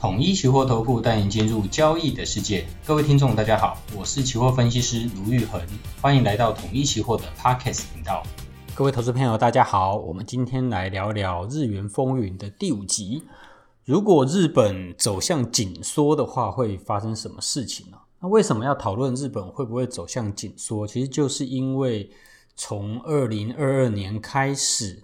統一期貨投顧帶你進入交易的世界。各位聽眾，大家好，我是期貨分析師盧昱衡，歡迎來到統一期貨的 Podcast 頻道。各位投資朋友，大家好，我們今天來聊聊日元風雲的第五集。如果日本走向緊縮的話，會發生什麼事情呢？啊？那為什麼要討論日本會不會走向緊縮？其實就是因為從二零二二年開始，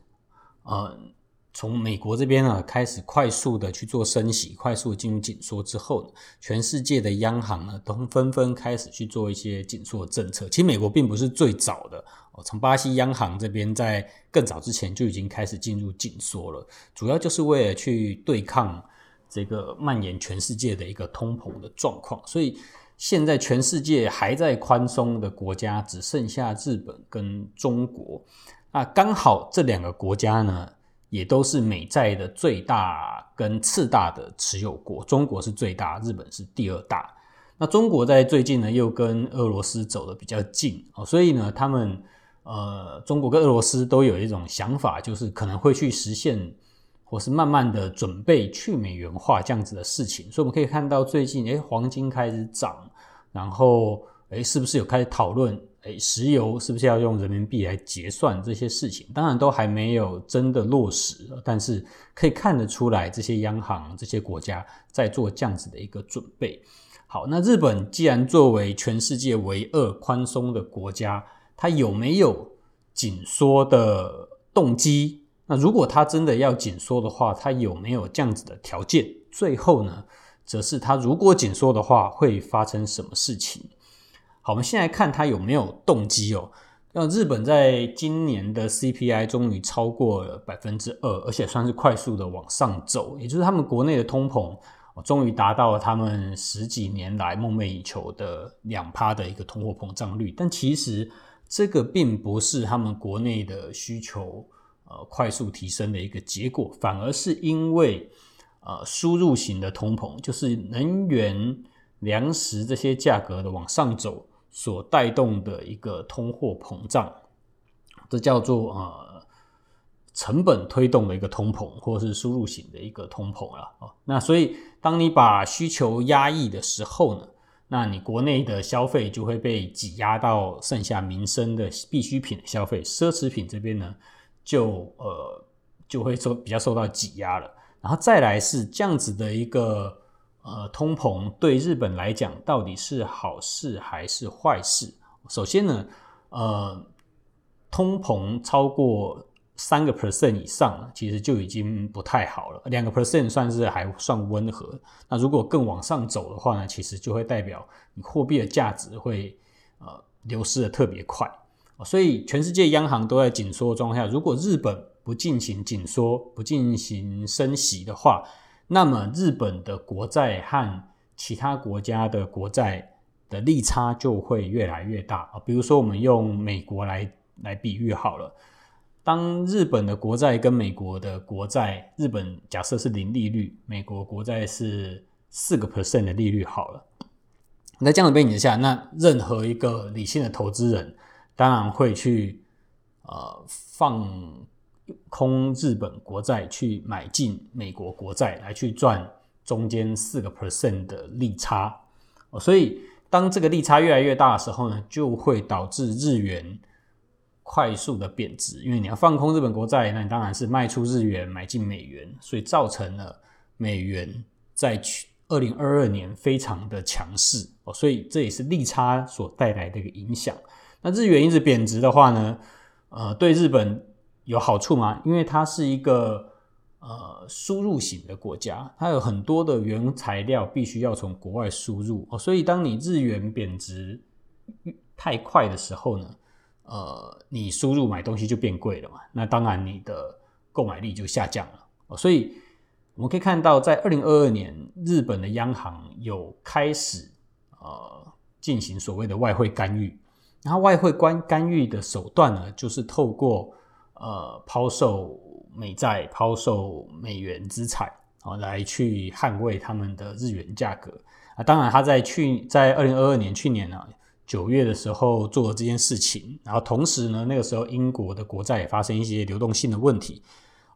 呃、嗯。從美國這邊啊，開始快速的去做升息，快速進入緊縮之後，全世界的央行呢，都紛紛開始去做一些緊縮的政策。其實美國並不是最早的哦，從巴西央行這邊在更早之前就已經開始進入緊縮了，主要就是為了去對抗這個蔓延全世界的一個通膨的狀況。所以現在全世界還在寬鬆的國家只剩下日本跟中國，那剛好這兩個國家呢，也都是美債的最大跟次大的持有國，中國是最大，日本是第二大。那中國在最近呢，又跟俄羅斯走得比較近哦，所以呢，他們呃，中國跟俄羅斯都有一種想法，就是可能會去實現，或是慢慢的準備去美元化這樣子的事情。所以我們可以看到，最近誒，黃金開始漲，然後誒，是不是有開始討論？哎，石油是不是要用人民幣來結算這些事情？當然都還沒有真的落實，但是可以看得出來，這些央行、這些國家在做這樣子的一個準備。好，那日本既然作為全世界唯二寬鬆的國家，它有沒有緊縮的動機？那如果它真的要緊縮的話，它有沒有這樣子的條件？最後呢，則是它如果緊縮的話，會發生什麼事情？好，我們先來看它有沒有動機哦。那日本在今年的 CPI 終於超過了百分之二，而且算是快速的往上走，也就是他們國內的通膨，終於達到了他們十幾年來夢寐以求的兩趴的一個通貨膨脹率。但其實這個並不是他們國內的需求呃快速提升的一個結果，反而是因為呃輸入型的通膨，就是能源、糧食這些價格的往上走。所帶動的一個通貨膨脹，這叫做啊、呃、成本推動的一個通膨，或是輸入型的一個通膨了啊、哦。那所以，當你把需求壓抑的時候呢，那你國內的消費就會被擠壓到剩下民生的必需品消費，奢侈品這邊呢就呃就會受比較受到擠壓了。然後再來是這樣子的一個。呃，通膨對日本來講到底是好事還是壞事？首先呢，呃，通膨超過三個 percent 以上呢，其實就已經不太好了。兩個 percent 算是還算溫和。那如果更往上走的話呢，其實就會代表你貨幣的價值會呃流失的特別快。所以全世界央行都在緊縮狀況下，如果日本不進行緊縮、不進行升息的話，那麼日本的國債和其他國家的國債的利差就會越來越大啊。比如說，我們用美國來來比喻好了，當日本的國債跟美國的國債，日本假設是零利率，美國國債是四個 percent 的利率好了，在這樣的背景下，那任何一個理性的投資人，當然會去呃放。空日本國債去買進美國國債來去賺中間四個 percent 的利差，哦，所以當這個利差越來越大的時候呢，就會導致日元快速的貶值，因為你要放空日本國債，那你當然是賣出日元買進美元，所以造成了美元在二零二二年非常的強勢，哦，所以這也是利差所帶來的一個影響。那日元一直貶值的話呢，呃，對日本。有好處嗎？因為它是一個呃輸入型的國家，它有很多的原材料必須要從國外輸入，哦，所以當你日元貶值太快的時候呢，呃，你輸入買東西就變貴了嘛，那當然你的購買力就下降了，哦，所以我們可以看到，在二零二二年，日本的央行有開始呃進行所謂的外匯干預，然後外匯干干預的手段呢，就是透過。呃，拋售美債，拋售美元資產，啊、哦，來去捍衛他們的日元價格啊。當然，他在去在二零二二年去年呢、啊、九月的時候做了這件事情，然後同時呢，那個時候英國的國債也發生一些流動性的問題，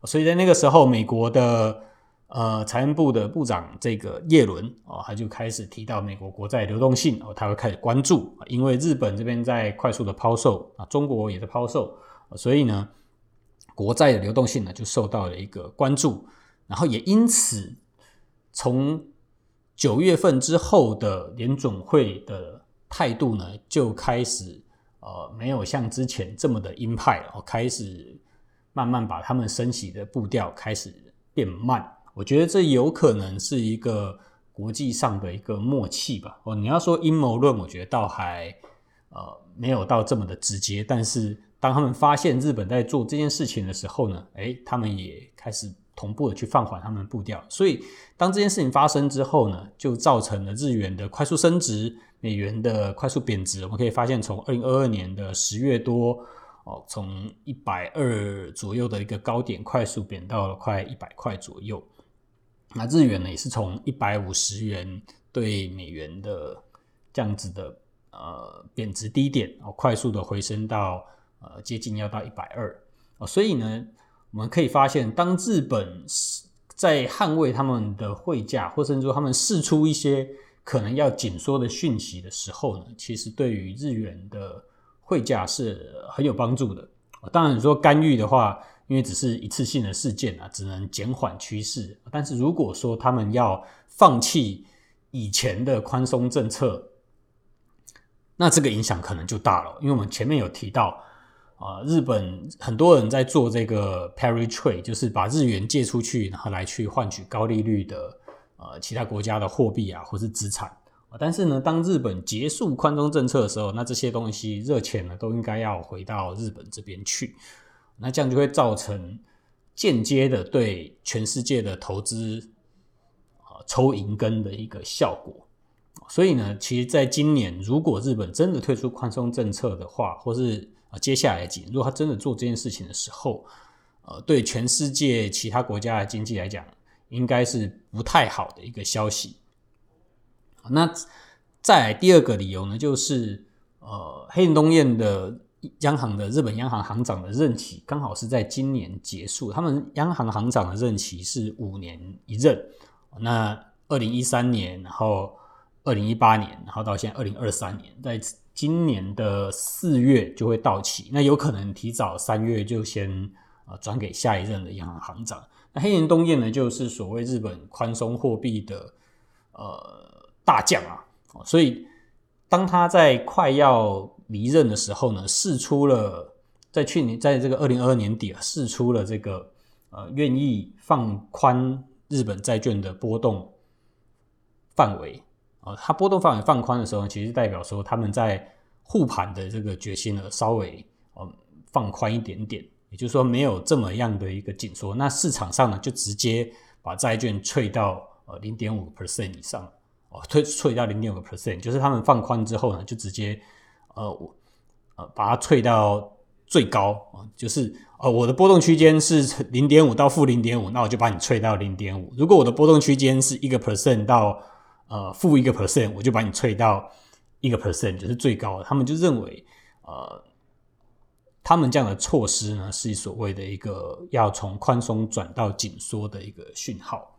所以在那個時候，美國的呃財政部的部長這個葉倫、哦、他就開始提到美國國債流動性、哦、他會開始關注，因為日本這邊在快速的拋售啊，中國也在拋售，所以呢。國債的流動性呢，就受到了一個關注，然後也因此從九月份之後的聯準會，的態度呢，就開始呃，沒有像之前這麼的鷹派哦，開始慢慢把他們升息的步調開始變慢。我覺得這有可能是一個國際上的一個默契吧。哦，你要說陰謀論，我覺得倒還呃沒有到這麼的直接，但是。當他們發現日本在做這件事情的時候呢，哎、欸，他們也開始同步的去放緩他們的步調。所以，當這件事情發生之後呢，就造成了日元的快速升值，美元的快速貶值。我們可以發現，從二零二二年的十月多，哦，從一百二左右的一個高點快速貶到了快一百塊左右。那日元呢，也是從一百五十元對美元的這樣子的呃貶值低點，哦，快速的回升到。呃，接近要到一百二哦，所以呢，我們可以發現，當日本在捍衛他們的匯價，或者說他們釋出一些可能要緊縮的訊息的時候呢，其實對於日元的匯價是很有幫助的。當然，你說干預的話，因為只是一次性的事件啊，只能減緩趨勢。但是如果說他們要放棄以前的寬鬆政策，那這個影響可能就大了，因為我們前面有提到。啊，日本很多人在做這個 carry trade，就是把日元借出去，然後來去換取高利率的呃其他國家的貨幣啊，或是資產。但是呢，當日本結束寬鬆政策的時候，那這些東西熱錢呢，都應該要回到日本這邊去。那這樣就會造成間接的對全世界的投資啊、呃、抽銀根的一個效果。所以呢，其實，在今年如果日本真的退出寬鬆政策的話，或是啊，接下來幾年，如果他真的做這件事情的時候，呃，對全世界其他國家的經濟來講，應該是不太好的一個消息。那再來第二個理由呢，就是呃，黑田東彥的央行的日本央行行、行長的任期剛好是在今年結束，他們央行行長的任期是五年一任，那二零一三年然後。二零一八年，然後到現在二零二三年，在今年的四月就會到期。那有可能提早三月就先呃轉給下一任的銀行行長。那黑田東彥呢，就是所謂日本寬鬆貨幣的呃大將啊，所以當他在快要離任的時候呢，釋出了，在去年，在這個二零二二年底釋出了這個呃願意放寬日本債券的波動範圍。它波動範圍放寬的時候，其實代表說他們在護盤的這個決心呢，稍微放寬一點點，也就是說，沒有這麼樣的一個緊縮。那市場上呢，就直接把債券推到呃零點五 percent 以上，哦推推到零點五個 percent，就是他們放寬之後呢，就直接呃我呃把它推到最高，就是我的波動區間是零點五到負零點五，那我就把你推到零點五。如果我的波動區間是一個 percent 到呃，負一個 percent，我就把你吹到一個 percent，就是最高的。他們就認為，呃，他們這樣的措施呢，是所謂的一個要從寬鬆轉到緊縮的一個訊號。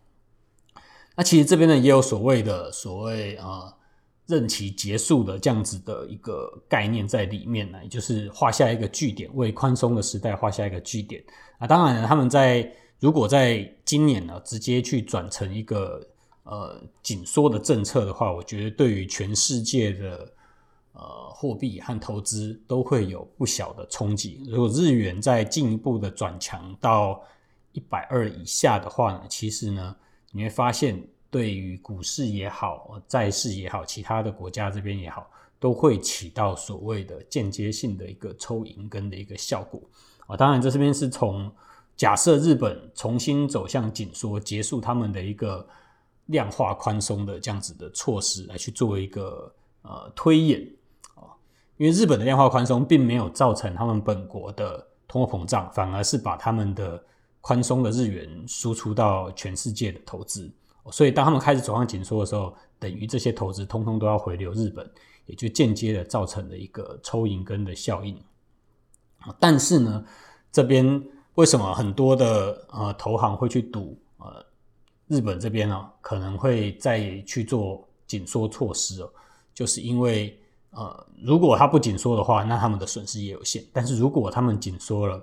那其實這邊呢，也有所謂的所謂呃任期結束的這樣子的一個概念在裡面呢，也就是畫下一個句點，為寬鬆的時代畫下一個句點。啊，當然呢，他們在如果在今年呢，直接去轉成一個。呃，緊縮的政策的話，我覺得對於全世界的呃貨幣和投資都會有不小的衝擊。如果日元再進一步的轉強到一百二以下的話呢，其實呢，你會發現對於股市也好，債市也好，其他的國家這邊也好，都會起到所謂的間接性的一個抽銀根的一個效果。啊，當然，這這邊是從假設日本重新走向緊縮，結束他們的一個。量化寬鬆的這樣子的措施來去做一個呃推演啊，因為日本的量化寬鬆並沒有造成他們本國的通貨膨脹，反而是把他們的寬鬆的日元輸出到全世界的投資，所以當他們開始走上緊縮的時候，等於這些投資通通都要回流日本，也就間接的造成了一個抽銀根的效應。但是呢，這邊為什麼很多的呃投行會去賭呃？日本這邊呢、哦，可能會再去做緊縮措施哦。就是因為，呃，如果他不緊縮的話，那他們的損失也有限；但是如果他們緊縮了，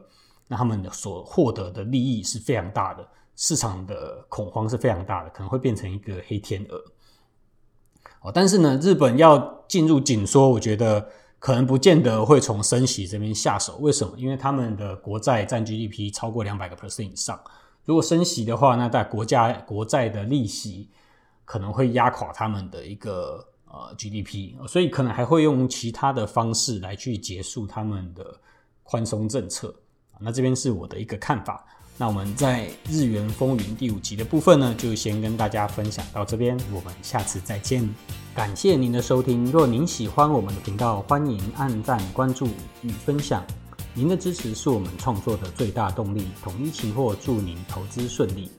那他們所獲得的利益是非常大的，市場的恐慌是非常大的，可能會變成一個黑天鵝。哦，但是呢，日本要進入緊縮，我覺得可能不見得會從升息這邊下手。為什麼？因為他們的國債佔 GDP 超過兩百個 percent 以上。如果升息的話，那在國家國債的利息可能會壓垮他們的一個呃 GDP，所以可能還會用其他的方式來去結束他們的寬鬆政策。那這邊是我的一個看法。那我們在日圓風雲第五集的部分呢，就先跟大家分享到這邊，我們下次再見。感謝您的收聽。若您喜歡我們的頻道，歡迎按讚、關注與分享。您的支持是我們創作的最大動力。統一期貨，祝您投資順利。